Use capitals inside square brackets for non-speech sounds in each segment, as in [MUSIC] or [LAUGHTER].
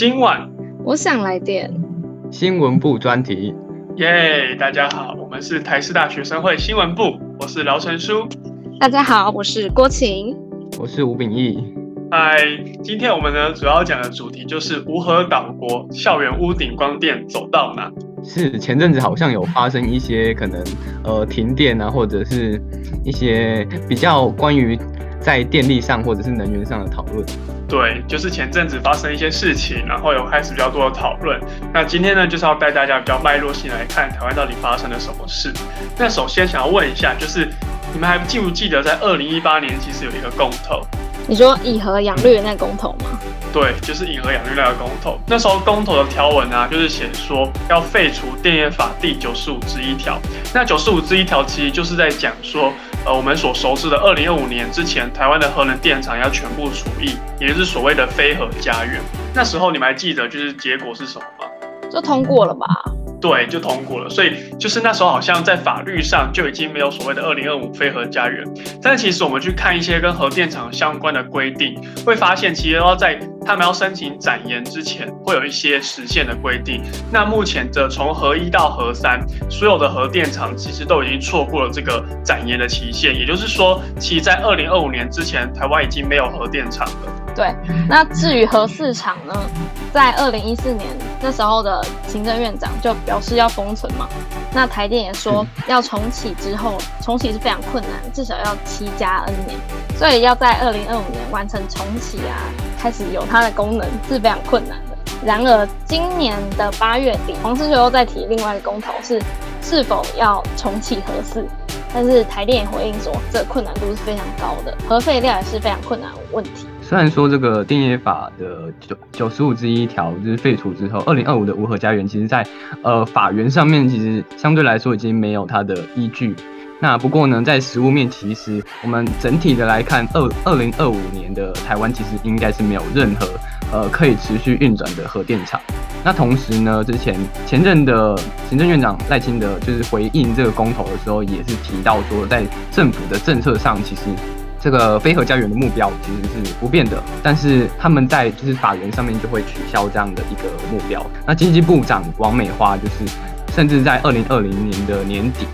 今晚我想來點新聞部專題。耶、yeah，大家好，我們是台師大學生會新聞部，我是勞成書。大家好，我是郭琴，我是吳秉義。嗨，今天我們呢，主要講的主題就是無核島國校園屋頂光電走到哪？是前陣子好像有發生一些可能呃停電啊，或者是一些比較關於在電力上或者是能源上的討論。對，就是前陣子發生一些事情，然後有開始比較多的討論。那今天呢，就是要帶大家比較脈絡性來看台灣到底發生了什麼事。那首先想要問一下，就是你們還記不記得在二零一八年其實有一個公投？你說“以核養綠”的那個公投嗎？對，就是“以核養綠”那個公投。那時候公投的條文呢、啊，就是寫說要廢除《電業法》第九十五之一條。那九十五之一條其實就是在講說。呃，我們所熟知的，二零二五年之前，台灣的核能電廠要全部除役，也就是所謂的“非核家園”。那時候你們還記得，就是結果是什麼嗎？就通過了吧？對，就通過了。所以就是那時候，好像在法律上就已經沒有所謂的“二零二五非核家園”。但其實我們去看一些跟核電廠相關的規定，會發現其實要在。他們要申請展延之前，會有一些時限的規定。那目前的從核一到核三，所有的核電廠其實都已經錯過了這個展延的期限。也就是說，其實在二零二五年之前，台灣已經沒有核電廠了。對。那至於核四廠呢？在二零一四年那時候的行政院長就表示要封存嘛。那台電也說要重啟，之後、嗯、重啟是非常困難，至少要七加 N 年，所以要在二零二五年完成重啟啊。開始有它的功能是非常困難的。然而，今年的八月底，黃士修又再提另外一個公投，是是否要重啟核四？但是台電也回應說，這個困難度是非常高的，核廢料也是非常困難問題。雖然說這個電業法的九九十五之一條就是廢除之後，二零二五的無核家園，其實在呃法源上面其實相對來說已經沒有它的依據。那不過呢，在實物面，其實我們整體的來看，二二零二五年的台灣其實應該是沒有任何呃可以持續運轉的核電廠。那同時呢，之前前任的行政院長賴清德就是回應這個公投的時候，也是提到說，在政府的政策上，其實這個非核家園的目標其實是不變的，但是他們在就是法源上面就會取消這樣的一個目標。那經濟部長王美花就是甚至在二零二零年的年底。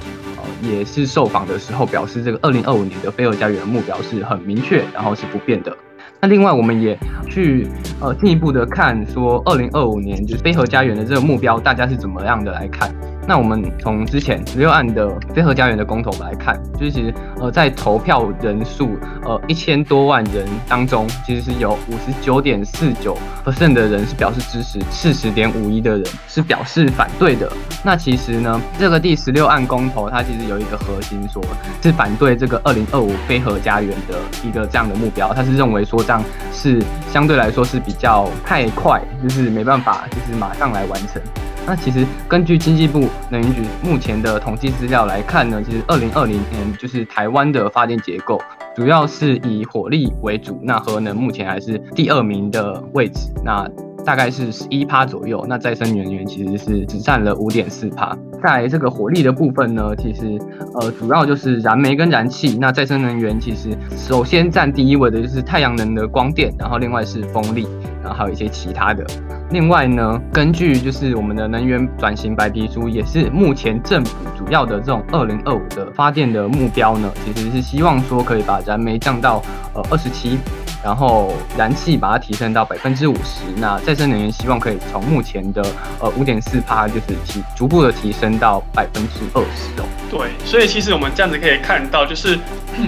也是受訪的時候表示，這個二零二五年的非核家園的目標是很明確，然後是不變的。那另外，我們也去呃進一步的看，說二零二五年就是非核家園的這個目標，大家是怎麼樣的來看？那我們從之前十六案的非核家園的公投來看，就是其實呃在投票人數呃一千多萬人當中，其實是有百分之五十九點四九的人是表示支持，四十點五一的人是表示反對的。那其實呢，這個第十六案公投它其實有一個核心說，說是反對這個二零二五非核家園的一個這樣的目標，它是認為說這樣是相對來說是比較太快，就是沒辦法就是馬上來完成。那其實根據經濟部能源局目前的統計資料來看呢，其實二零二零年就是台灣的發電結構主要是以火力為主，那核能目前還是第二名的位置。那大概是十一趴左右，那再生能源其實是只占了五點四趴。在這個火力的部分呢，其實呃主要就是燃煤跟燃氣。那再生能源其實首先占第一位的就是太陽能的光電，然後另外是風力，然後還有一些其他的。另外呢，根據就是我們的能源轉型白皮書，也是目前政府主要的這種二零二五的發電的目標呢，其實是希望說可以把燃煤降到。呃，二十七，然後燃氣把它提升到百分之五十。那再生能源希望可以從目前的呃五點四趴，就是提逐步的提升到百分之二十哦。對，所以其實我們這樣子可以看到，就是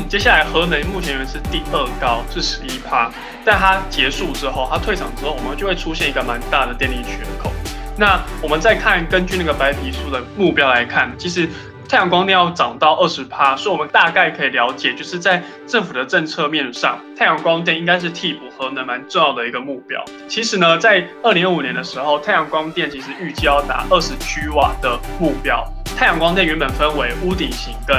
接下來核能目前是第二高，是十一趴。但它結束之後，它退場之後，我們就會出現一個蠻大的電力缺口。那我們再看，根據那個白皮書的目標來看，其實太陽光電要漲到二十趴，所以我們大概可以了解，就是在政府的政策面上，太陽光電應該是替補核能蠻重要的一個目標。其實呢，在二零二五年的時候，太陽光電其實預計要達二十 G 瓦的目標。太陽光電原本分為屋頂型跟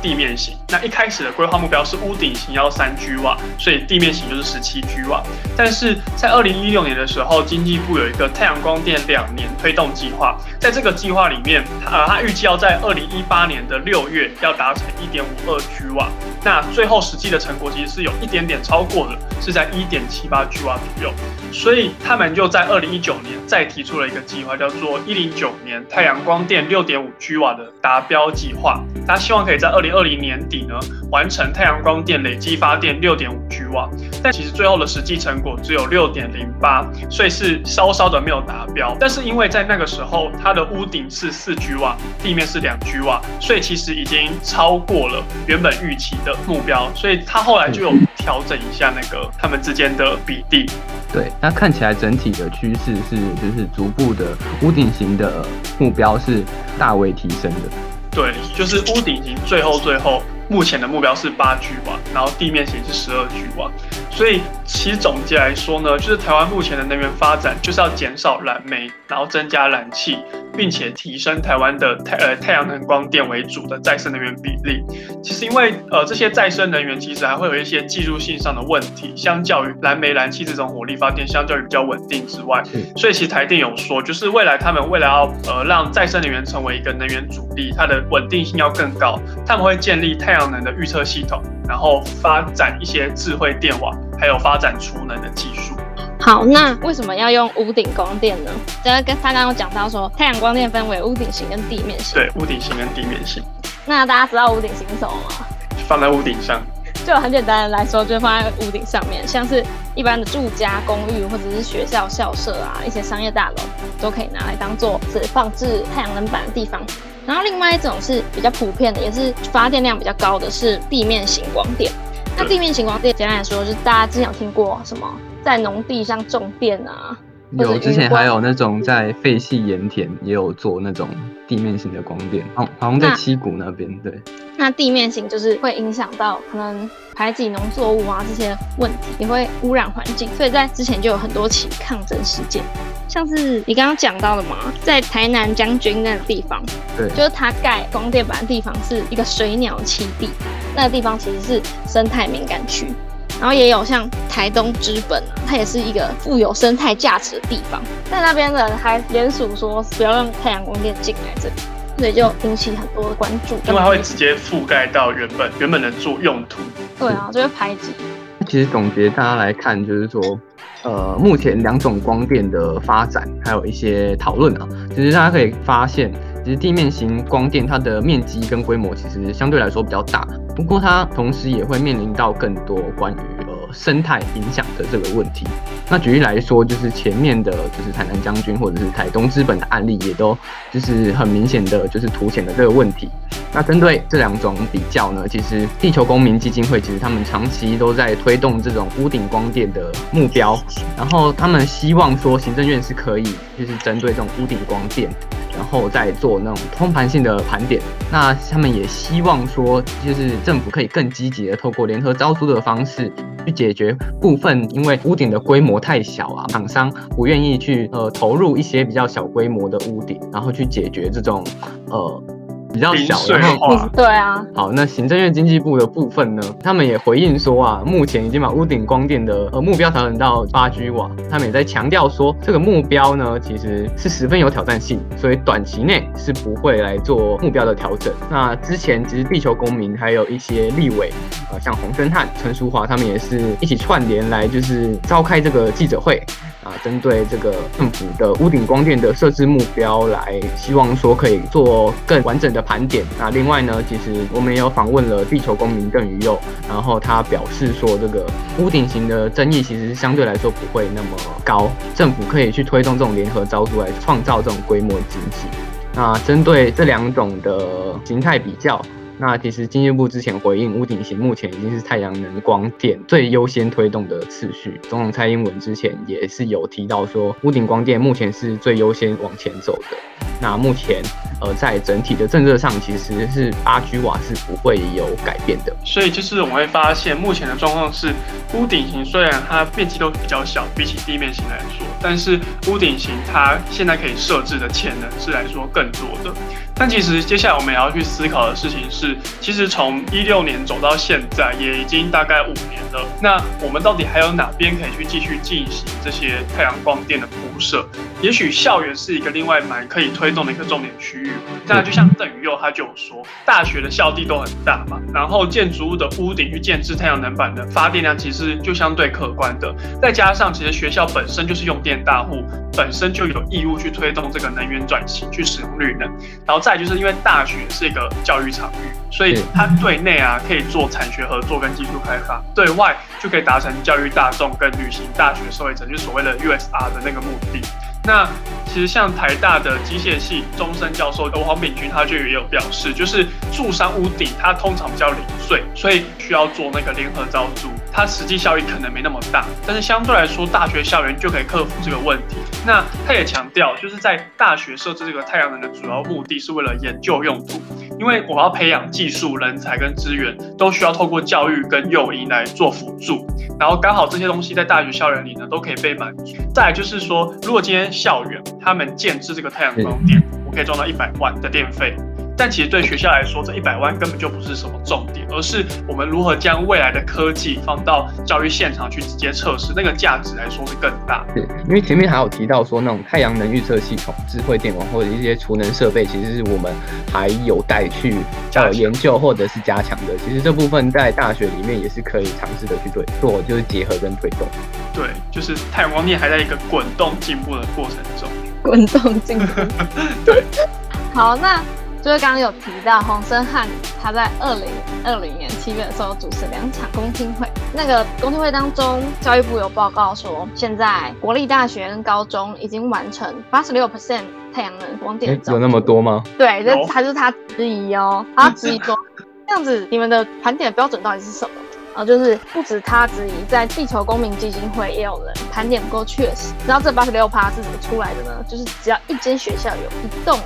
地面型。那一開始的規劃目標是屋頂型要三 GW，所以地面型就是十七 GW。但是在二零一六年的時候，經濟部有一個太陽光電兩年推動計劃，在這個計劃裡面，呃，它預計要在二零一八年的六月要達成一點五二 GW。那最後實際的成果其實是有一點點超過的，是在一點七八 GW 左右。所以他們就在二零一九年再提出了一個計劃，叫做一零九年太陽光電六點五 G。g 瓦的達標計劃，他希望可以在二零二零年底呢完成太陽光電累計發電六點五 g 瓦。但其實最後的實際成果只有六點零八，所以是稍稍的沒有達標。但是因為在那個時候，它的屋頂是四 g 瓦，地面是兩 g 瓦，所以其實已經超過了原本預期的目標，所以他後來就有調整一下那個他們之間的比例。對，那看起來整體的趨勢是就是逐步的屋頂型的目標是大為提升的，對，就是屋頂型，最後最後。目前的目標是八 G 瓦，然後地面型是十二 G 瓦，所以其實總結來說呢，就是台灣目前的能源發展就是要減少燃煤，然後增加燃氣，並且提升台灣的呃太呃太陽能光電為主的再生能源比例。其實因為呃這些再生能源其實還會有一些技術性上的問題，相較於燃煤、燃氣這種火力發電，相較於比較穩定之外，所以其實台電有說，就是未來他們未來要呃讓再生能源成為一個能源主力，它的穩定性要更高，他們會建立太陽。能的預測系統，然後發展一些智慧電網，還有發展儲能的技術。好，那為什麼要用屋頂光電呢？就是跟他剛剛講到說，太陽光電分為屋頂型跟地面型。對，屋頂型跟地面型。那大家知道屋頂型是什麼嗎？放在屋頂上。就很簡單的來說，就放在屋頂上面，像是一般的住家、公寓，或者是學校校舍啊，一些商業大樓，都可以拿來當做是放置太陽能板的地方。然後另外一種是比較普遍的，也是發電量比較高的，是地面型光電。那地面型光電簡單來說，就是大家之前有聽過什麼在農地上種電啊？有之前還有那種在廢棄鹽田也有做那種地面型的光電，好、哦，好像在七股那邊，對那。那地面型就是會影響到可能排擠農作物啊這些問題，也會污染環境，所以在之前就有很多起抗爭事件，像是你剛剛講到的嘛，在台南將軍那個地方，對，就是它蓋光電板的地方是一個水鳥棲地，那個地方其實是生態敏感區。然後也有像台東知本，啊，它也是一個富有生態價值的地方，但那邊的人還聯署說不要讓太陽光電進來這裡，這所以就引起很多的關注，因為它會直接覆蓋到原本原本的作用途。對啊，就會排擠。其實總結大家來看，就是說，呃，目前兩種光電的發展還有一些討論啊，其實就是大家可以發現。其實地面型光電，它的面積跟規模其實相對來說比較大，不過它同時也會面臨到更多關於呃生態影響的這個問題。那舉例來說，就是前面的，就是台南將軍或者是台東資本的案例，也都就是很明顯的，就是凸顯了這個問題。那針對這兩種比較呢，其實地球公民基金會其實他們長期都在推動這種屋頂光電的目標，然後他們希望說行政院是可以就是針對這種屋頂光電。然後再做那種通盤性的盤點，那他們也希望說，就是政府可以更積極地透過聯合招租的方式去解決部分，因為屋頂的規模太小啊，廠商不願意去呃投入一些比較小規模的屋頂，然後去解決這種呃。比較小的，對啊，好，那行政院經濟部的部分呢，他們也回應說啊，目前已經把屋頂光電的呃目標調整到 8GW，他們也在強調說這個目標呢其實是十分有挑戰性，所以短期內是不會來做目標的調整。那之前其實地球公民還有一些立委，呃，像洪申翰、陳椒華他們也是一起串聯來就是召開這個記者會。啊，針對這個政府的屋頂光電的設置目標，來希望說可以做更完整的盤點。那另外呢，其實我們也有訪問了地球公民鄧宇佑，然後他表示說，這個屋頂型的爭議其實相對來說不會那麼高，政府可以去推動這種聯合招租來創造這種規模的經濟。那針對這兩種的形態比較。那其實經濟部之前回應，屋頂型目前已經是太陽能光電最優先推動的次序。總統蔡英文之前也是有提到說，屋頂光電目前是最優先往前走的。那目前。而在整體的政策上，其實是八 G 瓦是不會有改變的。所以就是我們會發現，目前的狀況是，屋頂型雖然它面積都比較小，比起地面型來說，但是屋頂型它現在可以設置的潛能是來說更多的。但其實接下來我們也要去思考的事情是，其實從一六年走到現在，也已經大概五年了。那我們到底還有哪邊可以去繼續進行這些太陽光電的鋪設？也許校園是一個另外蠻可以推動的一個重點區域。那就像鄧宇佑他就有說，大學的校地都很大嘛，然後建築物的屋頂去建置太陽能板的發電量，其實就相對可觀的。再加上其實學校本身就是用電大戶，本身就有義務去推動這個能源轉型，去使用綠能。然後再就是因為大學是一個教育場域，所以它對內啊可以做產學合作跟技術開發，對外就可以達成教育大眾跟履行大學社會責任，就是所謂的 USR 的那個目的。那其實像台大的機械系終身教授黃秉鈞，他就也有表示，就是住商屋頂，它通常比較零碎，所以需要做那個聯合招租，它實際效益可能沒那麼大，但是相對來說，大學校園就可以克服這個問題。那他也強調，就是在大學設置這個太陽能的主要目的是為了研究用途。因為我要培養技術人才跟資源，都需要透過教育跟友誼來做輔助，然後剛好這些東西在大學校園裡呢都可以被滿足。再來就是說，如果今天校園他們建置這個太陽光電，我可以賺到一百萬的電費。但其實對學校來說，這一百萬根本就不是什麼重點，而是我們如何將未來的科技放到教育現場去直接測試，那個價值來說是更大。是因為前面還有提到說，那種太陽能預測系統、智慧電網或者一些儲能設備，其實是我們還有待去加研究或者是加強的。其實這部分在大學裡面也是可以嘗試的去做，做就是結合跟推動。對，就是太陽光電還在一個滾動進步的過程中。滾動進步。 [LAUGHS] 對。好，那。就是剛剛有提到洪申翰，他在二零二零年七月的時候主持兩場公聽會。那個公聽會當中，教育部有報告說，現在國立大學跟高中已經完成八十六 percent 太陽能光電。欸，有那麼多嗎？對，這、哦、還是他質疑哦。他質疑說， [LAUGHS] 這樣子，你們的盤點的標準到底是什麼？啊、呃，就是不止他質疑，在地球公民基金會也有人盤點不夠確實。知道這八十六帕是怎麼出來的呢？就是只要一間學校有一棟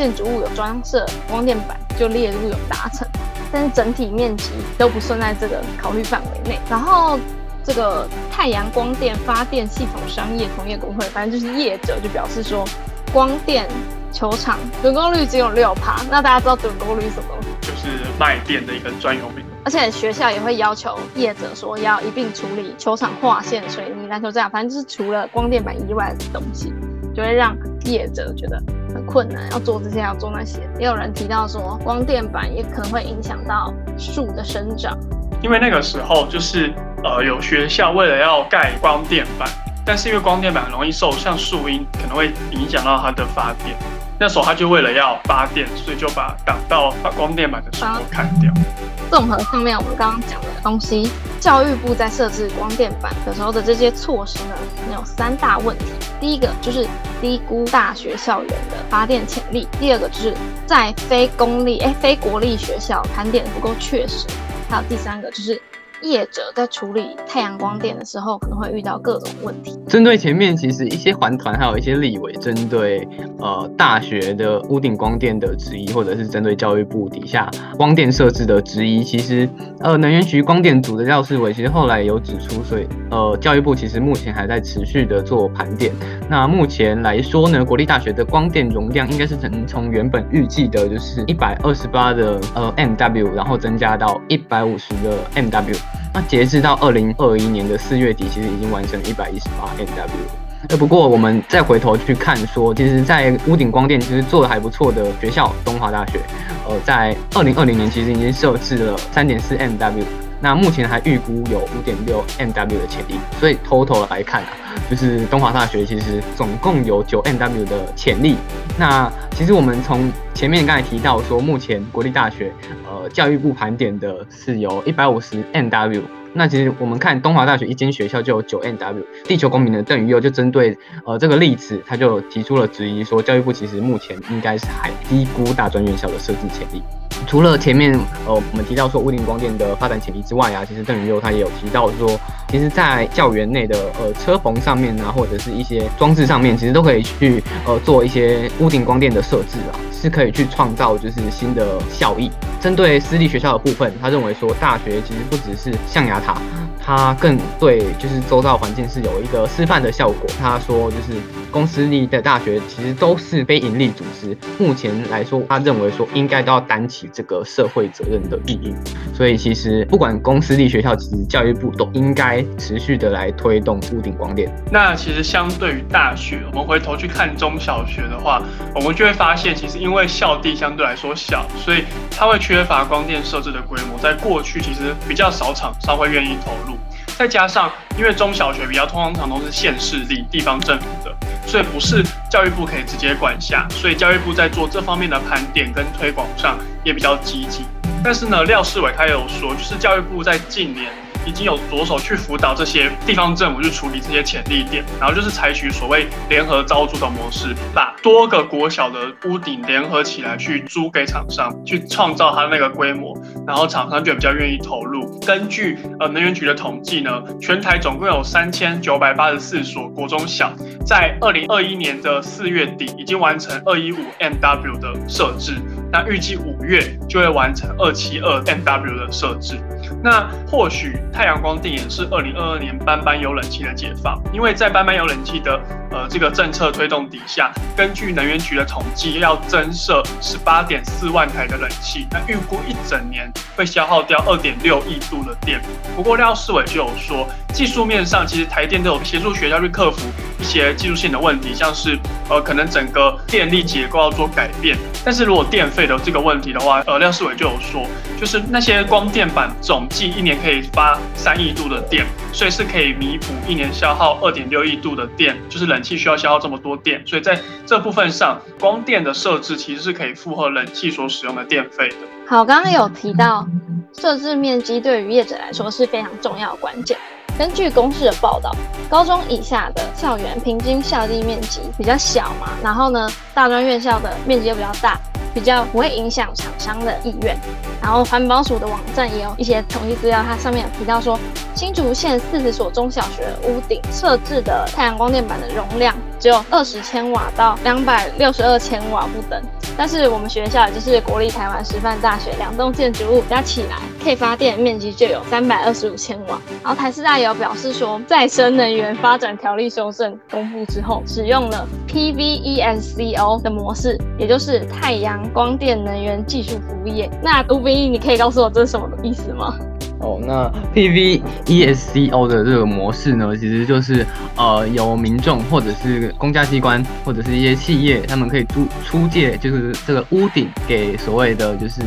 建築物有裝設光電板就列入有達成，但是整體面積都不算在這個考慮範圍內。然後這個太陽光電發電系統商業同業公會，反正就是業者就表示說，光電球場準工率只有六趴。那大家知道準工率是什麼？就是賣電的一個專用名。而且學校也會要求業者說要一併處理球場劃線水泥，所以你籃球場這樣，反正就是除了光電板以外的東西。就會讓業者覺得很困難，要做這些，要做那些。也有人提到說，光電板也可能會影響到樹的生長。因為那個時候，就是呃，有學校為了要蓋光電板，但是因為光電板很容易受像樹蔭可能會影響到它的發電，那時候他就為了要發電，所以就把擋到把光電板的樹都砍掉。啊綜合上面我們剛剛講的東西，教育部在設置光電板的時候的這些措施呢，有三大問題。第一個就是低估大學校園的發電潛力；第二個就是，在非公立、誒、欸、非國立學校盤點不夠確實；還有第三個就是。業者在處理太陽光電的時候，可能會遇到各種問題。針對前面，其實一些環團還有一些立委針對，呃，大學的屋頂光電的質疑，或者是針對教育部底下光電設置的質疑，其實，呃，能源局光電組的廖世偉其實後來有指出，所以，呃，教育部其實目前還在持續的做盤點。那目前來說呢，國立大學的光電容量應該是能從原本預計的就是一百二十八的呃 MW，然後增加到一百五十的 MW。那截止到二零二一年的四月底，其實已經完成一百一十八 M W。呃，不過我們再回頭去看說，說其實在屋頂光電其實做得還不錯的學校，東華大學，呃，在二零二零年其實已經設置了三點四 M W。那目前還預估有五點六 MW 的潛力，所以 total 來看啊，就是東華大學其實總共有九 MW 的潛力。那其實我們從前面剛才提到說，目前國立大學呃，教育部盤點的是有一百五十 MW。那其實我們看東華大學一間學校就有九 MW。地球公民的鄧宇佑就針對呃這個例子，他就提出了質疑，說教育部其實目前應該是還低估大專院校的設置潛力。除了前面呃我們提到說屋頂光電的發展潛力之外啊，其實鄧雲佑他也有提到說，其實，在校園內的呃車棚上面啊，或者是一些裝置上面，其實都可以去呃做一些屋頂光電的設置啊，是可以去創造就是新的效益。針對私立學校的部分，他認為說大學其實不只是象牙塔。他更對，就是周遭環境是有一個示範的效果。他說，就是公私立的大學其實都是非營利組織，目前來說，他認為說應該都要擔起這個社會責任的意義。所以其實不管公私立學校，其實教育部都應該持續的來推動屋頂光電。那其實相對於大學，我們回頭去看中小學的話，我們就會發現，其實因為校地相對來說小，所以它會缺乏光電設置的規模。在過去，其實比較少廠商會願意投入。再加上，因為中小學比較通常都是縣市立地,地方政府的，所以不是教育部可以直接管轄，所以教育部在做這方面的盤點跟推廣上也比較積極。但是呢，廖世偉他也有說，就是教育部在近年。已經有着手去輔導這些地方政府去處理這些潛力點，然後就是採取所謂聯合招租的模式，把多個國小的屋頂聯合起來去租給廠商，去創造它那個規模，然後廠商就比較願意投入。根據呃能源局的統計呢，全台總共有三千九百八十四所國中小，在二零二一年的四月底已經完成二一五 MW 的設置，那預計五月就會完成二七二 MW 的設置，那或許。太陽光電影是二零二二年班班有冷氣的解放，因為在班班有冷氣的。呃，這個政策推動底下，根據能源局的統計，要增設十八點四萬台的冷氣，那預估一整年會消耗掉二點六億度的電。不過廖世偉就有說，技術面上其實台電都有協助學校去克服一些技術性的問題，像是呃，可能整個電力結構要做改變。但是如果電費的這個問題的話，呃，廖世偉就有說，就是那些光電板總計一年可以發三億度的電，所以是可以彌補一年消耗二點六億度的電，就是冷。氣需要消耗這麼多電，所以在這部分上，光電的設置其實是可以負荷冷氣所使用的電費的。好，剛剛有提到設置面積對於業者來說是非常重要的關鍵。根據公示的報道，高中以下的校園平均校地面積比較小嘛，然後呢，大專院校的面積又比較大，比較不會影響廠商的意願。然後環保署的網站也有一些統計資料，它上面有提到說，新竹縣四十所中小學的屋頂設置的太陽光電板的容量。只有二十千瓦到兩百六十二千瓦不等，但是我們學校也就是國立台灣師範大學兩棟建築物加起來，可以發電面積就有三百二十五千瓦。然後台師大也有表示說，再生能源發展條例修正公布之後，使用了 PVESCO 的模式，也就是太陽光電能源技術服務業。那吳兵，你可以告訴我這是什麼意思嗎？哦，那 PV ESCO 的這個模式呢，其實就是呃，由民眾或者是公家機關或者是一些企業，他們可以租出借，就是這個屋頂給所謂的就是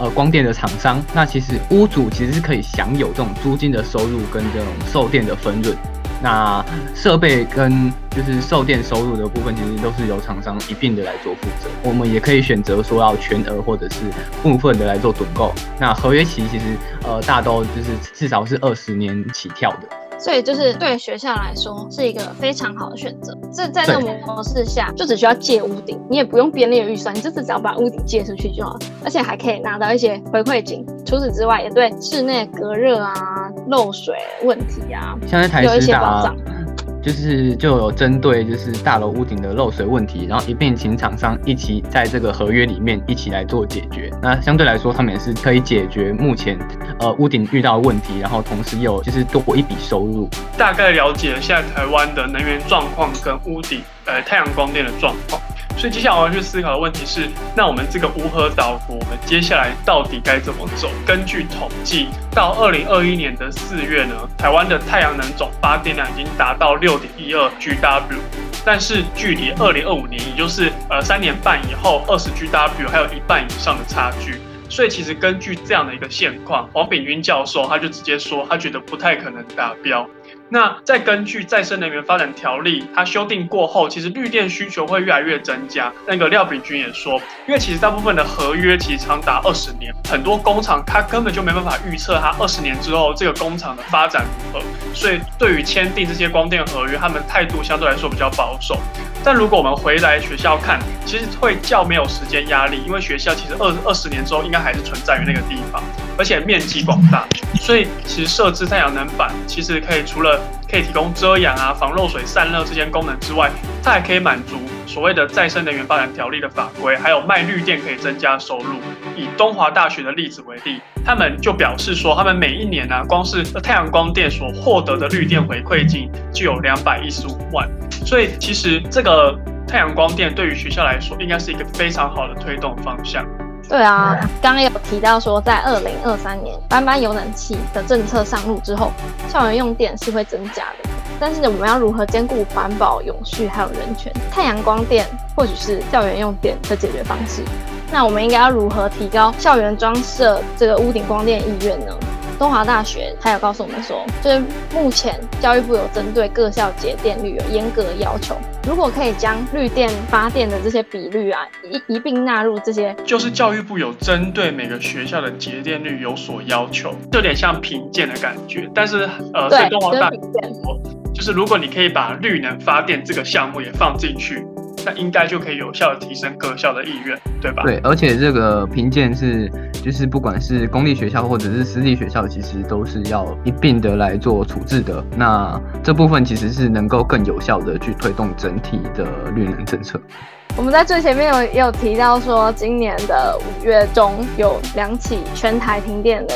呃光電的廠商。那其實屋主其實是可以享有這種租金的收入跟這種售電的分潤。那設備跟就是售電收入的部分，其實都是由廠商一併的來做負責。我們也可以選擇說要全額或者是部分的來做躉購。那合約期其實呃大都就是至少是二十年起跳的。所以就是對學校來說是一個非常好的選擇。這在這種模式下，就只需要借屋頂，你也不用編列預算，你就只要把屋頂借出去就好了，而且還可以拿到一些回饋金。除此之外，也對室內隔熱啊、漏水問題啊，台啊有一些保障。就是就有針對就是大樓屋頂的漏水問題，然後一併請廠商一起在這個合約裡面一起來做解決。那相對來說，他們也是可以解決目前呃屋頂遇到的問題，然後同時又就是多過一筆收入。大概了解了現在台灣的能源狀況跟屋頂呃太陽光電的狀況。所以接下來我要去思考的問題是，那我們這個無核島國，我們接下來到底該怎麼走？根據統計，到二零二一年的四月呢，台灣的太陽能總發電量已經達到六點一二 GW，但是距離二零二五年，也就是呃三年半以後，二十 GW 還有一半以上的差距。所以其實根據這樣的一個現況，黃秉鈞教授他就直接說，他覺得不太可能達標。那再根據再生能源發展條例，它修訂過後，其實綠電需求會越來越增加。那個廖炳君也說，因為其實大部分的合約其實長達二十年，很多工廠它根本就沒辦法預測它二十年之後這個工廠的發展如何，所以對於簽訂這些光電合約，他們態度相對來說比較保守。但如果我們回來學校看，其實會較沒有時間壓力，因為學校其實二二十年之後應該還是存在於那個地方，而且面積廣大，所以其實設置太陽能板其實可以除了。可以提供遮陽啊、防漏水、散熱這些功能之外，它還可以滿足所謂的再生能源發展條例的法規，還有賣綠電可以增加收入。以東華大學的例子為例，他們就表示說，他們每一年呢、啊，光是太陽光電所獲得的綠電回饋金就有兩百一十五萬。所以，其實這個太陽光電對於學校來說，應該是一個非常好的推動方向。對啊，剛剛有提到說，在2023，在二零二三年班班有冷氣的政策上路之後，校園用電是會增加的。但是呢，我們要如何兼顧環保、永續還有人權？太陽光電或許是校園用電的解決方式，那我們應該要如何提高校園裝設這個屋頂光電意願呢？東華大學他有告訴我們說，就是目前教育部有針對各校節電率有嚴格的要求，如果可以將綠電發電的這些比率啊，一一併納入這些，就是教育部有針對每個學校的節電率有所要求，就有點像評鑑的感覺。但是呃，對，所以東華大學就是如果你可以把綠能發電這個項目也放進去。那應該就可以有效的提升各校的意願，對吧？對，而且這個評鑑是，就是不管是公立學校或者是私立學校，其實都是要一並的來做處置的。那這部分其實是能夠更有效的去推動整體的綠能政策。我們在最前面有有提到說，今年的五月中有兩起全台停電的，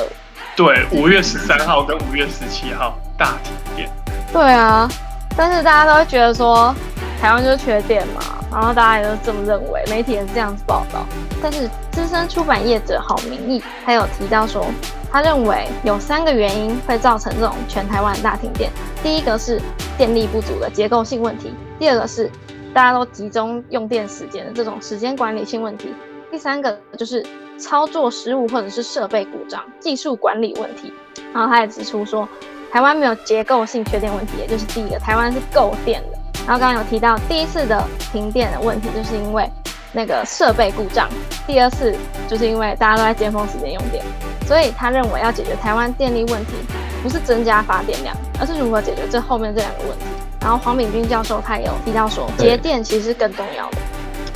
對，五月十三號跟五月十七號大停電。對啊，但是大家都會覺得說。台灣就是缺電嘛，然後大家也都這麼認為，媒體也是這樣子報道。但是資深出版業者郝明義，他有提到說，他認為有三個原因會造成這種全台灣大停電。第一個是電力不足的結構性問題，第二個是大家都集中用電時間的這種時間管理性問題，第三個就是操作失誤或者是設備故障、技術管理問題。然後他也指出說，台灣沒有結構性缺電問題，也就是第一個，台灣是夠電的。然後剛剛有提到第一次的停電的問題，就是因為那個設備故障；第二次就是因為大家都在尖峰時間用電，所以他認為要解決台灣電力問題，不是增加發電量，而是如何解決這後面這兩個問題。然後黃秉鈞教授他也有提到說，節電其實更重要的。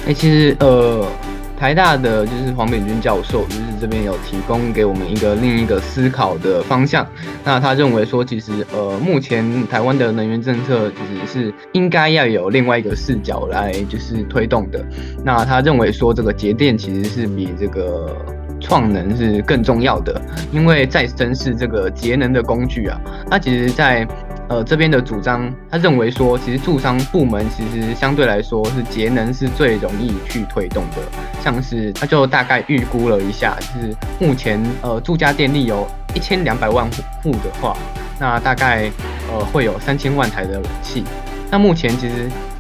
哎、欸，其實呃。台大的就是黃秉鈞教授，就是這邊有提供給我們一個另一個思考的方向。那他認為說，其實呃，目前台灣的能源政策其實是應該要有另外一個視角來就是推動的。那他認為說，這個節電其實是比這個創能是更重要的，因為再生是這個節能的工具啊。那其實，在呃，這邊的主張，他認為說，其實住商部門其實相對來說是節能是最容易去推動的。像是他就大概預估了一下，就是目前呃住家電力有一千兩百萬戶的話，那大概呃會有三千萬台的冷氣。那目前其實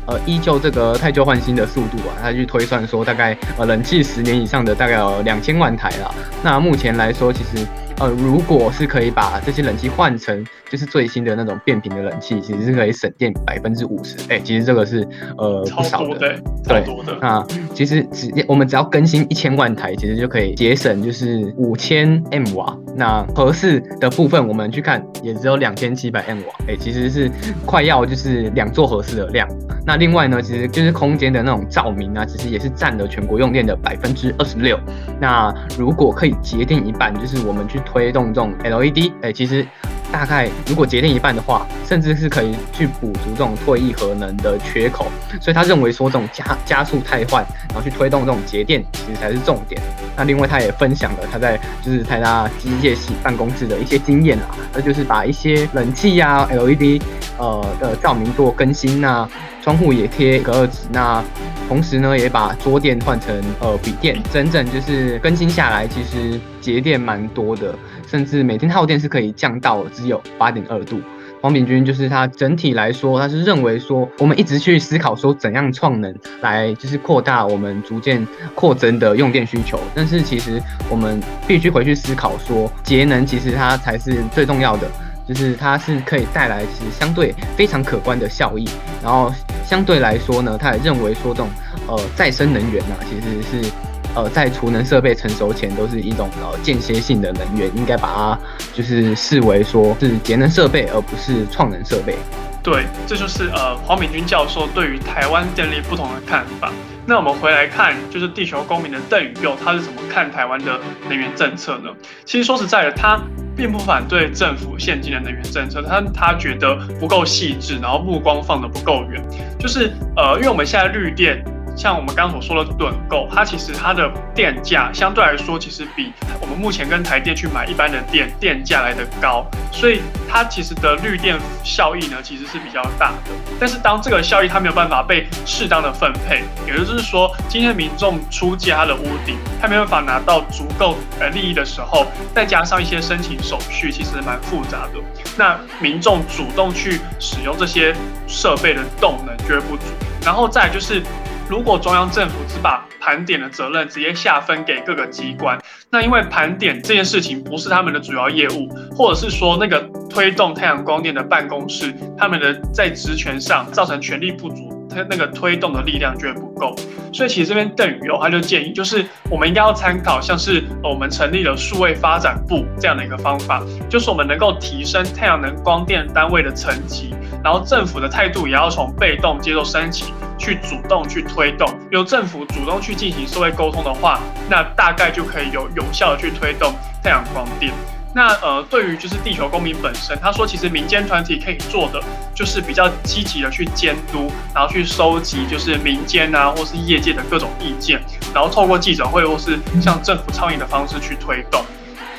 呃依舊這個汰舊換新的速度啊，他去推算說大概呃冷氣十年以上的大概有兩千萬台啦。那目前來說，其實呃如果是可以把這些冷氣換成。就是最新的那種變頻的冷氣，其實是可以省電百分之五十。欸，其實這個是呃多不少的，多的對的。那其實只我們只要更新一千萬台，其實就可以節省就是五千 m 瓦。那核四的部分我們去看，也只有兩千七百 m 瓦。欸，其實是快要就是兩座核四的量。那另外呢，其實就是空間的那種照明啊，其實也是占了全國用電的百分之二十六。那如果可以節電一半，就是我們去推動這種 LED、欸、其實。大概如果節電一半的話，甚至是可以去補足這種退役核能的缺口，所以他認為說這種加加速汰換，然後去推動這種節電，其實才是重點。那另外他也分享了他在就是台大機械系辦公室的一些經驗啦，那就是把一些冷氣啊、LED 呃的照明做更新啊，窗戶也貼隔熱紙，那同時呢也把桌電換成呃筆電，整整就是更新下來，其實節電蠻多的。甚至每天耗電是可以降到只有八點二度。黃秉鈞就是他整體來說，他是認為說，我們一直去思考說怎樣創能來，就是擴大我們逐漸擴增的用電需求。但是其實我們必須回去思考說，節能其實它才是最重要的，就是它是可以帶來其實相對非常可觀的效益。然後相對來說呢，他也認為說這種呃再生能源呢、啊，其實是。呃，在儲能設備成熟前，都是一種呃間歇性的能源，應該把它就是視為說是節能設備，而不是創能設備。對，這就是呃黃秉鈞教授對於台灣電力不同的看法。那我們回來看，就是地球公民的鄧宇佑，他是怎麼看台灣的能源政策呢？其實說實在的，他並不反對政府現今的能源政策，他他覺得不夠細緻，然後目光放得不夠遠，就是呃，因為我們現在綠電。像我們剛剛所說的躉購，它其實它的電價相對來說，其實比我們目前跟台電去買一般的電電價來得高，所以它其實的綠電效益呢，其實是比較大的。但是當這個效益它沒有辦法被適當的分配，也就是說，今天的民眾出借他的屋頂，它沒有辦法拿到足夠呃利益的時候，再加上一些申請手續其實蠻複雜的，那民眾主動去使用這些設備的動能就會不足，然後再來就是。如果中央政府只把盤點的責任直接下分給各個機關，那因為盤點這件事情不是他們的主要業務，或者是說那個推動太陽光電的辦公室，他們的在職權上造成權力不足，他那個推動的力量就會不夠，所以其實這邊鄧宇哦，他就建議，就是我們應該要參考，像是我們成立了數位發展部這樣的一個方法，就是我們能夠提升太陽能光電單位的層級，然後政府的態度也要從被動接受申請，去主動去推動，由政府主動去進行社會溝通的話，那大概就可以有有效的去推動太陽光電。那呃，對於就是地球公民本身，他說其實民間團體可以做的就是比較積極的去監督，然後去收集就是民間啊或是業界的各種意見，然後透過記者會或是向政府倡議的方式去推動。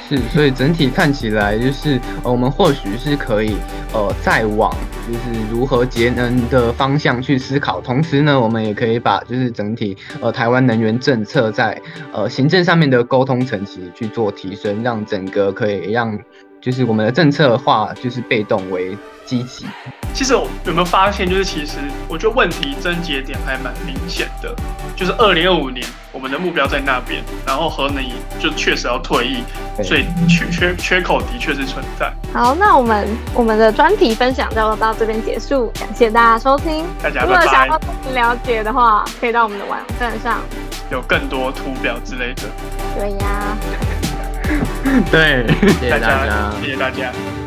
是，所以整體看起來就是呃，我們或許是可以呃再往。就是如何節能的方向去思考，同時呢，我們也可以把就是整體呃台灣能源政策在呃行政上面的溝通層級去做提升，讓整個可以讓。就是我們的政策化，就是被動為積極。其實我有沒有發現，就是其實我覺得問題癥結點還蠻明顯的，就是二零二五年我們的目標在那邊，然後核能就確實要退役，所以缺缺缺口的確是存在。好，那我們我們的專題分享就到這邊結束，感謝大家收聽。大家拜拜。如果想要了解的話，可以到我們的網站上有更多圖表之類的。對呀。啊。對，謝謝大家，謝謝大家。謝謝大家。